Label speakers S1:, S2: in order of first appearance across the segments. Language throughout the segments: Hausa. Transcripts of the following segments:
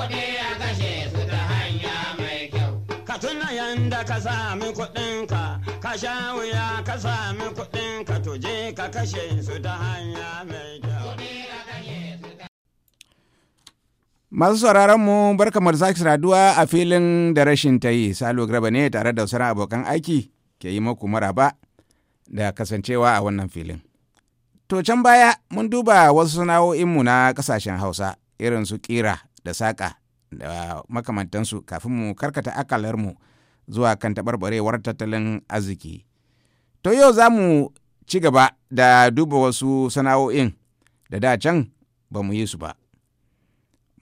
S1: kuɗi a kashe su ta hanya mai kyau. Ka tuna yanda ka sami kuɗinka, ka sha wuya ka sami kuɗinka tuje ka kashe su ta hanya mai kyau.
S2: Masu sauraron mu barkamar sake saduwa a filin da rashin ta yi, Salo Graba ne tare da sauran abokan aiki ke yi muku maraba da kasancewa a wannan filin. To can baya mun duba wasu sana'o'inmu na kasashen Hausa irin su kira da saƙa da makamantansu kafin mu karkata akalarmu zuwa kan taɓarɓarewar tattalin arziki. To yau za mu ci gaba da duba wasu sana'o'in da da can ba mu yi su ba.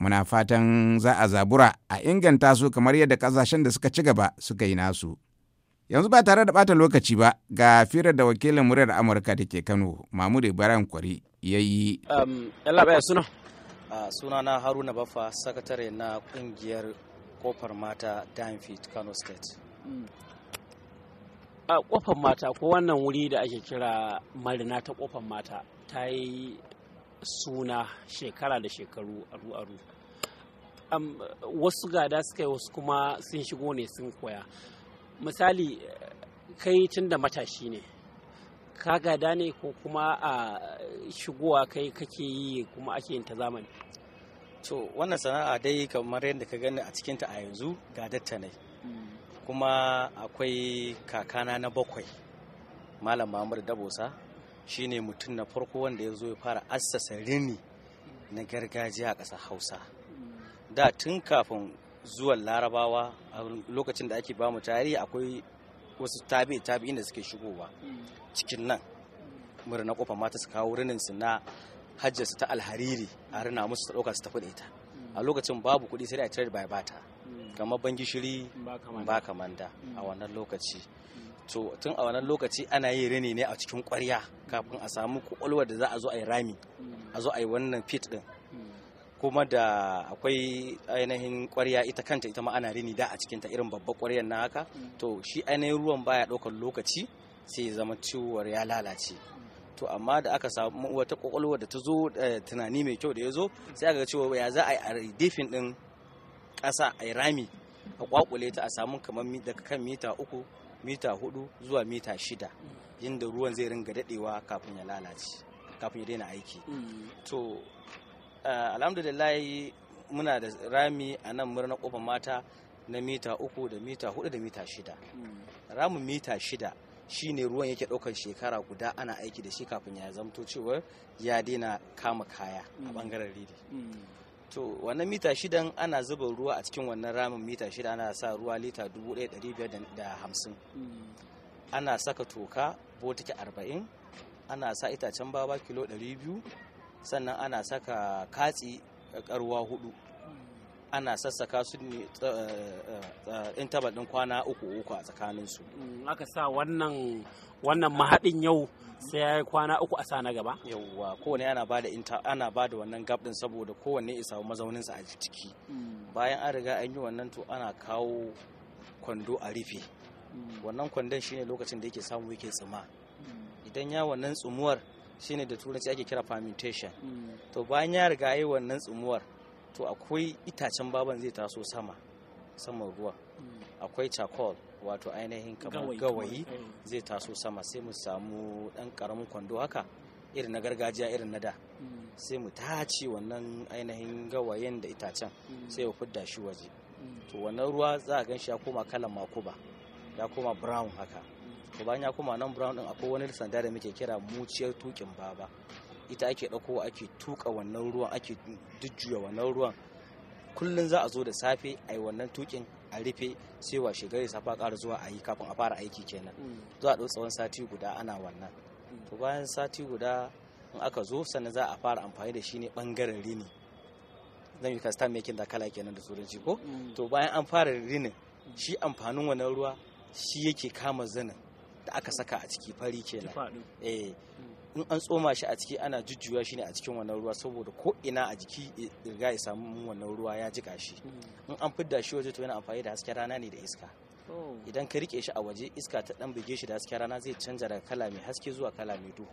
S2: Muna fatan za a zabura a inganta su kamar yadda ƙasashen da suka ci gaba suka yi nasu. Yanzu ba tare da ɓata lokaci ba ga firar da wakilin muryar Amurka da ke Kano, Mahmud Ibrahim Kwari, ya yi.
S3: Um, A sunana haruna Bafa sakatare na kungiyar kofar mata danfit kano state
S4: hmm.
S1: a kofar mata ko wannan wuri da ake kira marina ta kofar mata ta yi suna shekara da shekaru aru-aru wasu gada suka yi wasu kuma sun shigo ne sun koya misali kai tun da matashi ne ka gada ne ko kuma a shigowa kai kake yi kuma ake yin ta zamani to
S3: wannan sana'a dai kamar yadda ka gani a cikinta a yanzu ga datta ne mm. kuma akwai kakana na bakwai malam mamur dabosa shine mutum na farko wanda ya zo ya fara assasa rini na gargajiya a ƙasar hausa
S4: mm.
S3: da tun kafin zuwan larabawa a lokacin da ake bamu tarihi akwai wasu tabi tabi inda suke shigowa cikin nan murna kofa mata su kawo rinin su na hajjar su ta alhariri a rina musu ta dauka su tafi da ita a lokacin babu kuɗi sai a trade by bata kamar ban gishiri ba kamanda a wannan lokaci mm. to tun a wannan lokaci ana yin rini ne a cikin kwarya kafin a samu kwakwalwar da za a zo a yi rami mm. a zo a yi wannan fit din kuma da akwai ainihin kwarya ita kanta ita ma rini da a cikinta irin babbar kwaryar na haka to shi ainihin ruwan baya ɗaukar lokaci sai ya zama ciwuwar ya lalace to amma da aka samu wata kwakwalwa da ta zo eh, tunani mai kyau da ya zo sai aka cewa ya za a yi difin din ƙasa a yi rami a kwakule ta a samu kamar daga kan mita uku mita hudu zuwa mita shida inda ruwan zai ringa dadewa kafin ya lalace kafin ya daina aiki mm. to Eh, alhamdulillah muna da rami a nan murna kofa mata na mita uku da mita hudu da mita shida
S4: hmm.
S3: ramin mita shida shine ruwan yake ɗaukar shekara guda ana aiki da shi kafin ya zamto cewa ya daina kama kaya a bangaren hmm. ridi hmm. to wannan mita shidan ana zuba ruwa a cikin wannan ramin mita shida ana sa ruwa lita 1550 ana saka toka botiki arba'in ana sa itacen baba kilo biyu. sannan ana saka katsi karuwa eh, hudu ana sassaka su ne eh, eh, interval din kwana uku uku a tsakanin su mm, aka sa wannan wannan
S1: mahadin yau
S3: sai ya yi kwana uku a sa na gaba yawwa kowane ana ba da ana ba wannan gab din saboda kowanne ya samu mazaunin sa a ciki mm. bayan an riga an yi wannan to ana kawo kwando a rufe mm. wannan kwandon shine lokacin da yake samu yake tsuma idan ya wannan tsumuwar shine da turanci ake kira fermentation hmm. to bayan ya riga yi wannan tsumuwar to akwai itacen baban zai taso sama saman ruwa hmm. akwai charcoal wato ainihin kamar gawayi eh. zai taso sama sai mu samu dan karamin kwando haka irin na gargajiya irin na da hmm. sai mu tace wannan ainihin gawayen da itacen sai mu fidda shi waje to wannan ruwa za a gan shi ya koma kalan makuba ya koma brown haka to bayan ya koma nan brown din akwai wani sanda da muke kira muciyar tukin baba ita ake ɗauko ake tuka wannan ruwan ake jujjuya wannan ruwan kullum za a zo da safe a yi wannan tukin a rufe sai wa shigari safa ƙara zuwa a yi kafin a fara aiki kenan mm. za a ɗau tsawon sati guda ana wannan mm. to bayan sati guda in aka zo sannan za a fara amfani da shi ne ɓangaren rini zan yi kasta mekin da kala kenan da turanci ko mm. to bayan an fara rinin shi amfanin wannan ruwa shi yake kama zanin da aka saka a ciki fari kenan eh in an tsoma shi a ciki ana jujjuya shi ne a cikin wannan ruwa saboda ko ina a jiki riga ya samu wannan ruwa ya jika shi hmm. in an fidda shi waje to yana amfani da hasken rana ne da iska oh. idan ka rike shi a waje iska ta dan buge shi da hasken rana zai canza daga kala mai haske zuwa kala mai duhu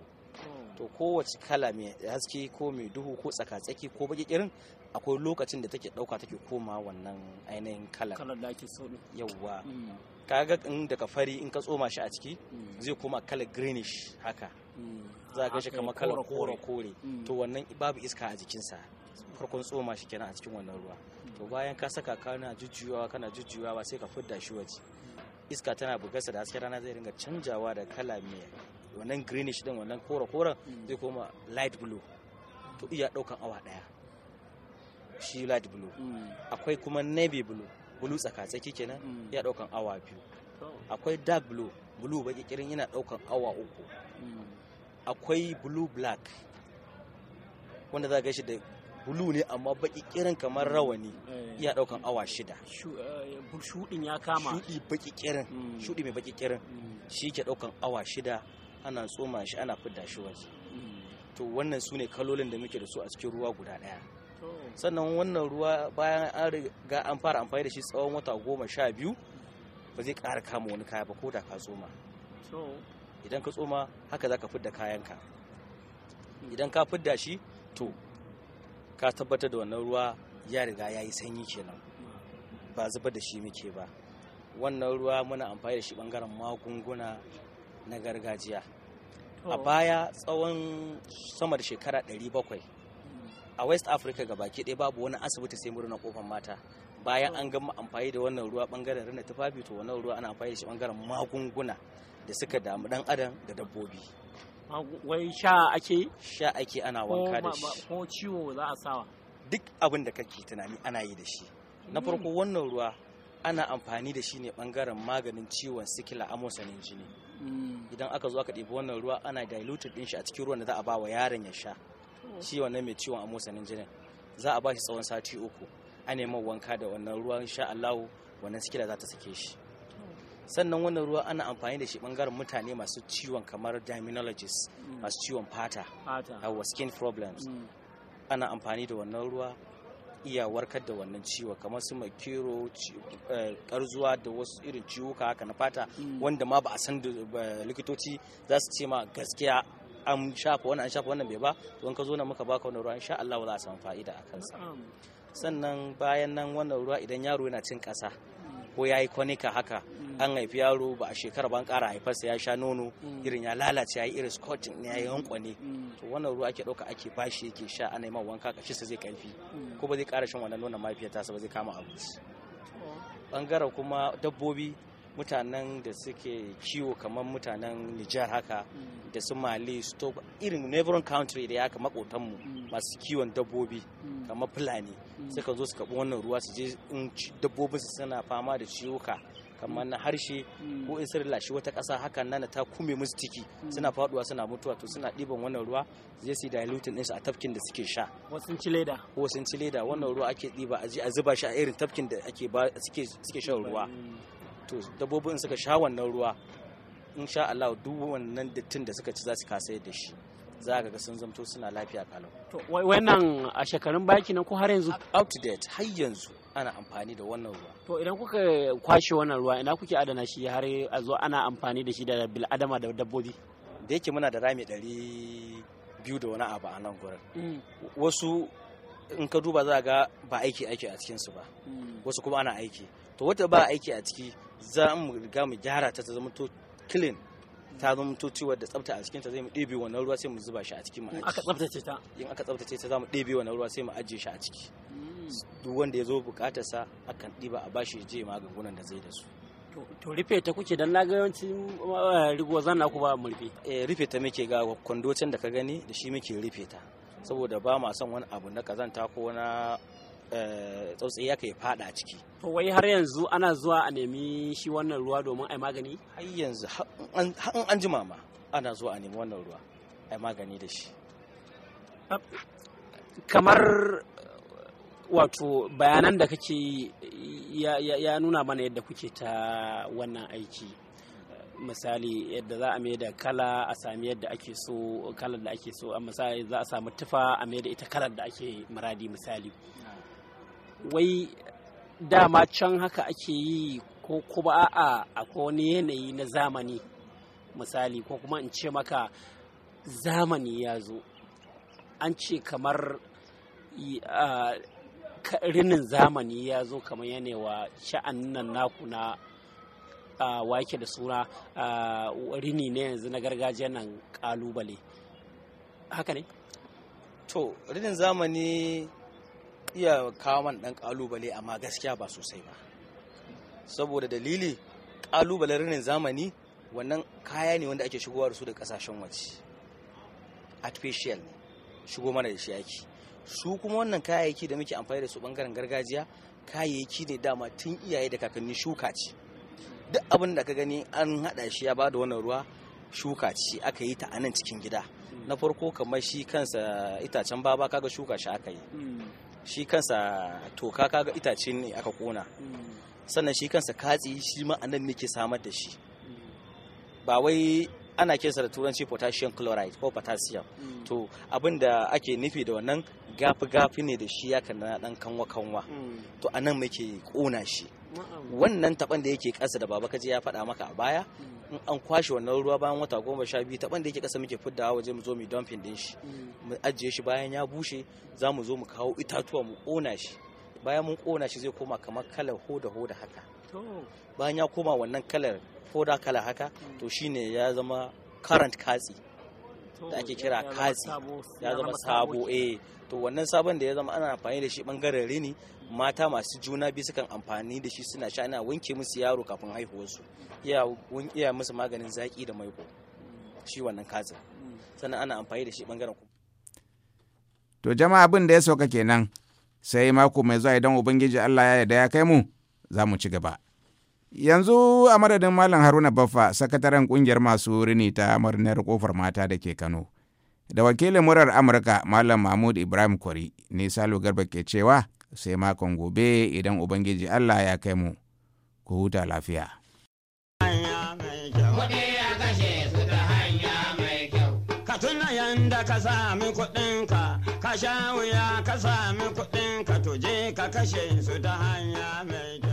S3: to kowace kala mai haske ko mai duhu ko tsakatsaki ko baki kirin akwai lokacin da take dauka take koma wannan ainihin kala kalar da ake so yawa mm. kaga in daga fari in ka tsoma shi a ciki mm. zai koma kalar greenish haka mm. za ka shi kamar kalar kore kore to wannan babu iska a jikinsa farkon tsoma shi kenan a cikin wannan ruwa to bayan ka saka kana jujjuyawa kana jujjuyawa sai ka fudda shi waje iska tana bugarsa da hasken rana zai ringa canjawa da kala mai wannan greenish din wannan kore kora hmm. zai koma light blue to iya daukan awa daya shi light blue hmm. akwai kuma navy blue blue tsakatsaki kenan hmm. iya daukan awa biyu akwai dark blue blue baki kirin yana daukan awa uku akwai blue black wanda za ka shi da bulu ne amma baki kirin kamar rawani eh. iya daukan awa shida
S1: shudin eh, ya kama shudi
S3: baki kirin shudi mai baki kirin shi ke daukan awa shida ana tsoma shi ana fidda shi waje to wannan su ne kalolin da muke da su a cikin ruwa guda daya sannan wannan ruwa bayan an riga an fara amfani da shi tsawon wata goma sha biyu ba zai ƙara kama wani kaya ba ko da ka tsoma idan ka tsoma haka za ka fidda kayanka idan ka fidda shi to ka tabbatar da wannan ruwa ya riga ya yi sanyi kenan ba zubar da shi muke ba wannan ruwa muna amfani da shi bangaren magunguna na gargajiya a baya tsawon sama da shekara 700 a west africa ga baki ɗaya babu wani asibiti sai murna kofar mata bayan an gama amfani da wannan ruwa bangaren rana tufafi to wannan ruwa ana amfani da shi bangaren magunguna da suka damu dan adam da dabbobi
S1: wai sha ake sha ake
S3: ana wanka da shi
S1: ko ciwo za a sawa duk abin da kake
S3: tunani ana yi da shi na mm. farko wannan ruwa ana amfani da shi ne bangaren maganin ciwon sikila a motsanin jini mm. idan aka zo aka ɗebi wannan ruwa ana diluted din shi a cikin ruwan da za a ba wa yaron ya sha shi wannan mai ciwon a motsanin jini za a ba shi tsawon sati uku a neman wanka da wannan ruwan sha Allahu wannan sikila za ta sake shi sannan wannan ruwa ana amfani da shi bangaren mutane masu ciwon kamar diminologist mm. masu ciwon fata skin problems mm. ana amfani da wannan ruwa iya warkar da wannan ciwo kamar su makero eh, karzuwa da wasu irin ciwuka haka na fata mm. wanda ma ba a san likitoci za su ce ma gaskiya an shafa wannan an shafa wannan bai ba to in ka zo na muka baka wannan ruwa insha Allah za a samu fa'ida a kansa mm. sannan bayan nan wannan ruwa idan yaro yana cin kasa ko yayi yi kwanika haka an haifi yaro ba a shekara ban kara haifarsa ya sha nono irin ya lalace ya yi irin scotting ne ya yi hankwane to wannan ruwa ake dauka ake bashi yake sha ana yi wanka sa zai karfi ko ba zai kara shan wannan nonon mahaifiyar tasa ba zai kama abinci bangaren kuma dabbobi mutanen da suke kiwo kamar mutanen Nijar haka da su Mali su irin neighboring country da ya haka mu masu kiwon dabbobi kamar Fulani suka zo su kaɓi wannan ruwa su je dabbobin su suna fama da ciwuka kamar na harshe ko mm. in sun lashi wata ƙasa haka nan ta kume musu ciki mm. suna faduwa suna mutuwa to suna ɗiban wannan ruwa zai su dilutin ɗinsu a tafkin da suke sha
S1: wasu ci leda
S3: wasu ci leda wannan ruwa ake ɗiba a zuba shi a irin tafkin da ake suke shan ruwa mm. to dabbobin suka sha wannan ruwa in sha Allah duk wannan dattin da suka ci za su kasa da shi za ga sun zamto suna lafiya kalau
S1: to wannan a shekarun baki na ko har yanzu out to date har yanzu ana amfani da wannan ruwa to idan kuka kwashe wannan ruwa ina kuke adana shi har a zo ana amfani da shi da bil'adama da dabbobi da yake muna da rami ɗari
S3: biyu da wani abu a nan gurin mm. wasu in ka duba za ga ba aiki aiki a cikinsu ba mm. wasu kuma ana aiki to wata ba aiki a ciki za mu riga mu gyara ta ta zama to clean ta zama to cewa da tsafta a cikin ta zai mu ɗebe wannan ruwa sai mu zuba shi a cikin mu aka
S4: tsaftace
S1: ta
S3: in aka tsaftace ta za mu ɗebe wannan ruwa sai mu ajiye shi a ciki mm. duk wanda ya zo bukatarsa akan ɗiba a bashi je magungunan da zai da su
S1: to rufe ta kuke don naga yawancin eh, zan naku ba mu rufe eh rufe ta
S3: muke ga kwandocin da ka gani da shi muke rufe ta saboda ba ma son wani abu na kazanta ko na
S1: eh, tsautsi ya kai fada ciki to wai har yanzu ana zuwa a nemi shi wannan ruwa domin ai magani har yanzu har an jima ma ana zuwa a nemi wannan ruwa ai magani da shi kamar wato bayanan da kake ya, ya, nuna mana yadda kuke ta wannan aiki misali yadda za a mai da kala a sami yadda ake so kalar da ake so a misali za a samu tufa a mai da ita kalar da ake muradi misali wai dama can haka ake yi ko kuma a a wani yanayi na zamani misali ko kuma in ce maka zamani ya zo an ce kamar ah, rinin zamani ya zo kamar yanewa sha'anin nan naku na wake da suna rini ne yanzu na gargajiya nan kalubale haka ne to rinin zamani iya kawo
S3: man dan kalubale amma gaskiya ba sosai ba saboda dalili kalubalen rinin zamani wannan kaya ne wanda ake shigowa da su da kasashen waje artificial shigo mana da shi yaki su kuma wannan kayayyaki da muke amfani da su bangaren gargajiya kayayyaki ne dama tun iyaye da kakanni shuka ce duk abin da ka gani an haɗa shi ya bada wannan ruwa shuka ce aka yi ta anan cikin gida na farko kamar shi kansa itacen baba kaga shuka shi aka yi mm. shi kansa toka kaga itace ne aka kona mm. sannan shi kansa katsi shi ma anan muke samar da shi mm. ba wai ana kinsa da turanci potassium chloride ko potassium to abin ake nufi da wannan gafi-gafi ne da shi ya na dan kanwa-kanwa mm. to a nan muke kona shi wannan taban da yake kasa da baba kaji ya faɗa maka a baya mm. in an kwashe wannan ruwa bayan wata goma sha biyu taban da yake ƙasa muke fiddawa waje mu zo mu dumping din shi mm. mu ajiye shi bayan ya bushe za mu zo mu kawo itatuwa mu kona shi bayan mun kona shi zai koma kamar kalar hoda-hoda haka bayan ya koma wannan kalar hoda kala haka to shine ya zama current katsi da ake kira kazi ya zama sabo eh to wannan sabon da ya zama ana amfani da shi bangaren rini mata masu juna biyu sukan amfani da shi suna sha ana wanke musu yaro kafin haihuwarsu iya iya musu maganin zaki da maiko shi wannan kazi sannan ana amfani da shi bangaren
S2: to jama'a abin da ya sauka kenan sai mako mai zuwa idan ubangiji Allah ya yarda ya kai mu za mu ci gaba yanzu a madadin malam haruna baffa sakataren kungiyar masu rini ta murnar kofar mata da ke kano da wakilin murar amurka malam mahmud ibrahim kwari ne salo garba ke cewa sai makon gobe idan ubangiji allah ya kai mu ku huta lafiya
S1: da ka sami kuɗinka ka ka sami kuɗinka to je ka kashe su ta hanya mai